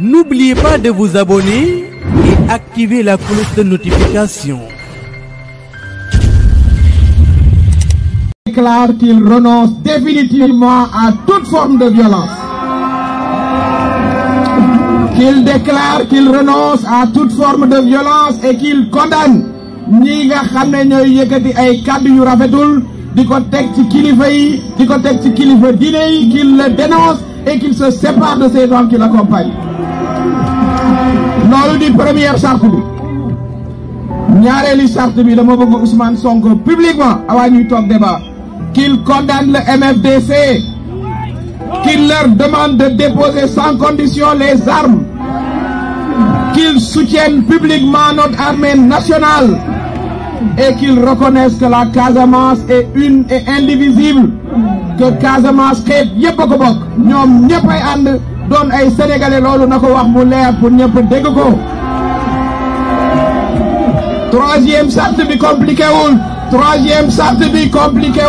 N'oubliez pas de vous abonner et activer la cloche de notification. déclare qu'il renonce définitivement à toute forme de violence. Qu'il déclare qu'il renonce à toute forme de violence et qu'il condamne Niga nga xamné ñoy ay yu rafetul qu'il le dénonce et qu'il se sépare de ces gens qui l'accompagnent avons di première charte bi ñaareelu charte bi dama bëgg Ousmane Songo publiquement avant ñuy débat qu'il condamne le MFDC qu'il leur demande de déposer sans condition les armes qu'il soutienne publiquement notre armée nationale et qu'ils reconnaissent que la Casamance est une et indivisible que Casamance est une et ko bokk ñoom ñëpp ay ànd doon ay sénégalais pour ñëpp dégg troisième charte bi compliqué Oul troisième charte bi compliqué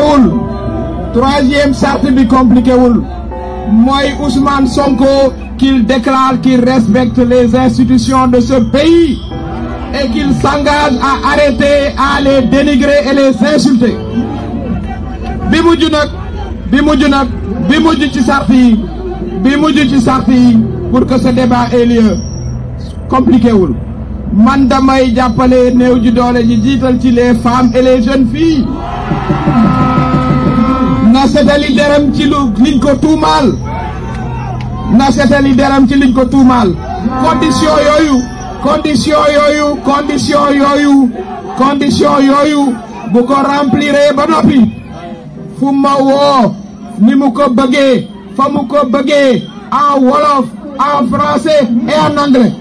troisième compliqué Oul Moi, Ousmane Sonko qu'il déclare qu'il respecte les institutions de ce pays et qu'ils s'engagent à arrêter à les dénigrer et les insulter bi mujj nag bi pour que ce débat ait lieu compliqué wul man damay jàppale néew ji ci les femmes et les jeunes filles na setali deram ci lu liñ ko tuumaal na setali deram ci liñ ko mal condition yoyou condition yo condition yooyu condition yo bu ko remplir ba nopi fu ma wo ni mu ko famuko fa mu ko beugé en wolof en français et en anglais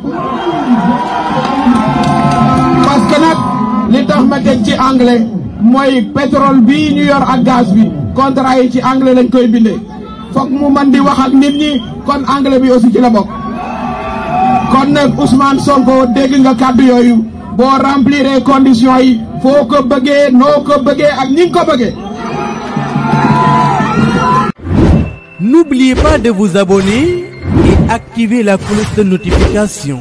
parce que nak li tax ma teg ci anglais moy pétrole bi ñu yor ak gaz bi contrat yi ci anglais lañ koy bindé fokk mu man di wax ak nit ñi kon anglais bi aussi ci la bok ne Ousmane Sonko dégg nga kaddu yoyu bo remplir conditions yi faut que bëggee noo ko ak ñi ko beugé N'oubliez pas de vous abonner et activer la cloche de notification.